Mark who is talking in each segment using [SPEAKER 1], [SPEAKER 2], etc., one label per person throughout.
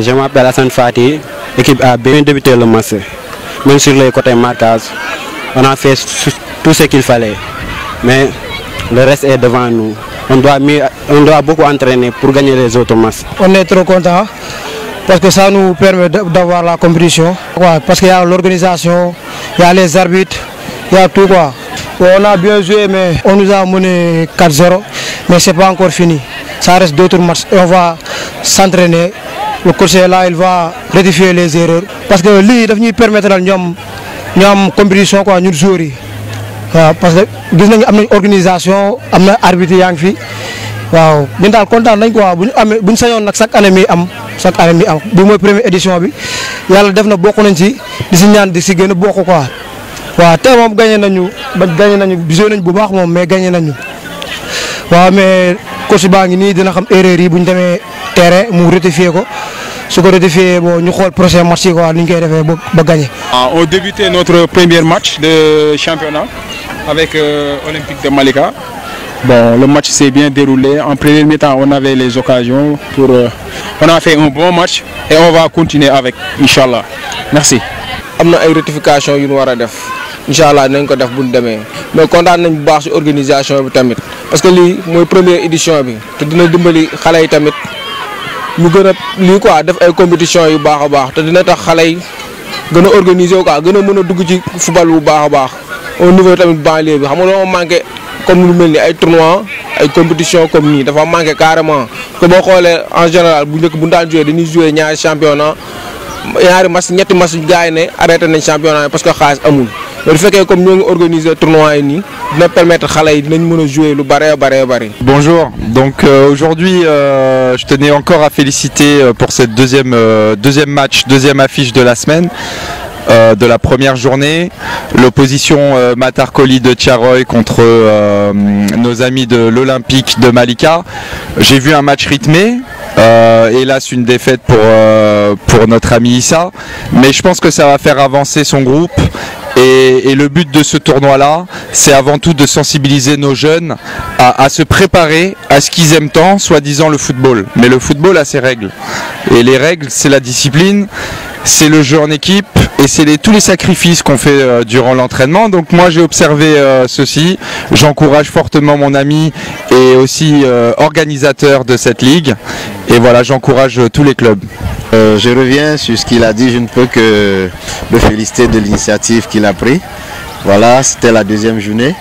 [SPEAKER 1] je m'appelle Hassan Fati. L'équipe a bien débuté le match. Même sur les côté marquage, on a fait tout ce qu'il fallait. Mais le reste est devant nous. On doit, on doit beaucoup entraîner pour gagner les autres matchs.
[SPEAKER 2] On est trop content parce que ça nous permet d'avoir la compétition. parce qu'il y a l'organisation, il y a les arbitres, il y a tout quoi. On a bien joué, mais on nous a mené 4-0, mais ce n'est pas encore fini. Ça reste d'autres matchs et on va s'entraîner le coach là il va rectifier les erreurs. parce que lii daf ñuy permettre ñoom ñu am compétition ko ñun joueurs yi waaw parce que gis nañu am nañ organisation am na arbitre yaa ngi fi waaw ñun daal kontaan nañ quoi bu ñu amee bu ñu sañoon nag chaque année mi am chaque année am bi mooy première édition bi yàlla def na bokk nañ ci di si ñaan di si gën a bokk quoi. waaw te moom gagné nañu ba gagné nañu joué nañ bu baax moom mais gagné nañu waaw mais coach baa ngi nii dina xam erreur yi bu ñu demee terrain mu rectifier ko. su nous defee bon ñu le prochain match quoi
[SPEAKER 1] ah, on débuté notre premier match de championnat avec l'Olympique euh, de Malika. Bon, le match s'est bien déroulé. En premier temps on avait les occasions pour. Euh, on a fait un bon match et on va continuer avec, Inch'Allah. Merci. Nous avons une rectification yu nous avons a def on allah mais quand nañ une bonne organisation bi parce que c'est la première édition bi avons dina dimbali xale ñu gën a lii quoi def ay compétition yu baax a baax te dina tax xale yi gën a organiser wu a gën a mën a dugg ci football bu baax a baax au niveau tamit banlieue bi xam nga loo manqué comme lu mel ni ay tournoi ay compétition comme nii dafa manqué carrément te boo xoolee en général bu njëkk bu daan joué dañuy joué ñaari championnat ñaari match ñetti match gars yi ne arrêté nañ championnat parce que xaalis amul. fait comme nous organisons tournoi nous permettre à jouer
[SPEAKER 3] Bonjour donc euh, aujourd'hui euh, je tenais encore à féliciter euh, pour cette deuxième deuxième match deuxième affiche de la semaine. de la première journée. L'opposition euh, de Tiaroy contre nos amis de l'Olympique de Malika. J'ai vu un match rythmé. hélas une défaite pour, pour notre ami Issa. Mais je pense que ça va faire avancer son groupe et, le but de ce tournoi-là, c'est avant tout de sensibiliser nos jeunes à, à se préparer à ce qu'ils aiment tant, soi-disant le football. Mais le football a ses règles. Et les règles, c'est la discipline c'est le jeu en équipe et c'est tous les sacrifices qu'on fait euh, durant l'entraînement. Donc moi j'ai observé euh, ceci, j'encourage fortement mon ami et aussi euh, organisateur de cette ligue et voilà j'encourage tous les clubs. je reviens sur ce qu'il a dit, je ne peux que me féliciter de l'initiative qu'il a prise. Voilà, c'était la deuxième journée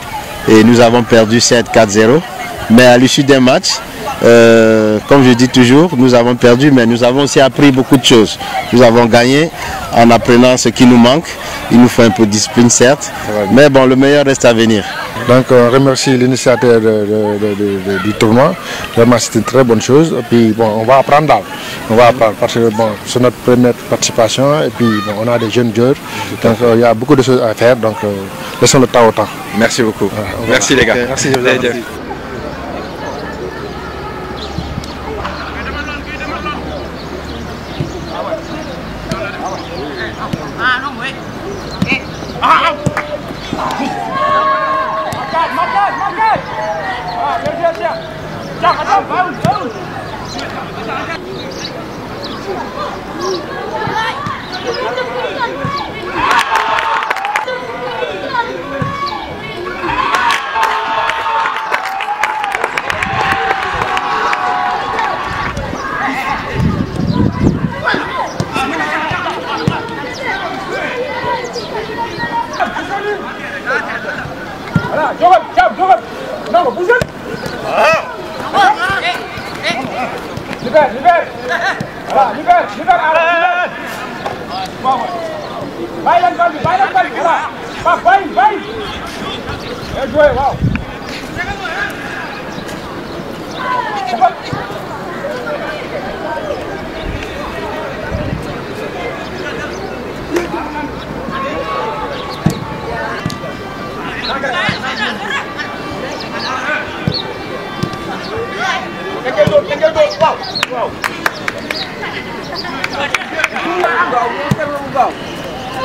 [SPEAKER 3] et nous avons perdu 7-4-0. Mais à l'issue des matchs, euh, comme je dis toujours, nous avons perdu, mais nous avons aussi appris beaucoup de choses. Nous avons gagné en apprenant ce qui nous manque. Il nous faut un peu de
[SPEAKER 1] discipline, certes, mais bon, le meilleur reste à venir. Donc, on euh, remercie l'initiateur du tournoi. Vraiment, c'est une très bonne chose. puis, bon, on va apprendre. On va apprendre parce que c'est notre première participation. Et puis, on a des jeunes joueurs. Donc, euh, il y a beaucoup de choses à faire. Donc, laissons le temps au temps. Merci beaucoup. Merci, les gars. Merci. Vous ああ飲むええああ vai, vai vai, Antônio, vai lá. Vai, vai. É vai, vai, vai, vai, vai,
[SPEAKER 2] é quebrou? É é Qual?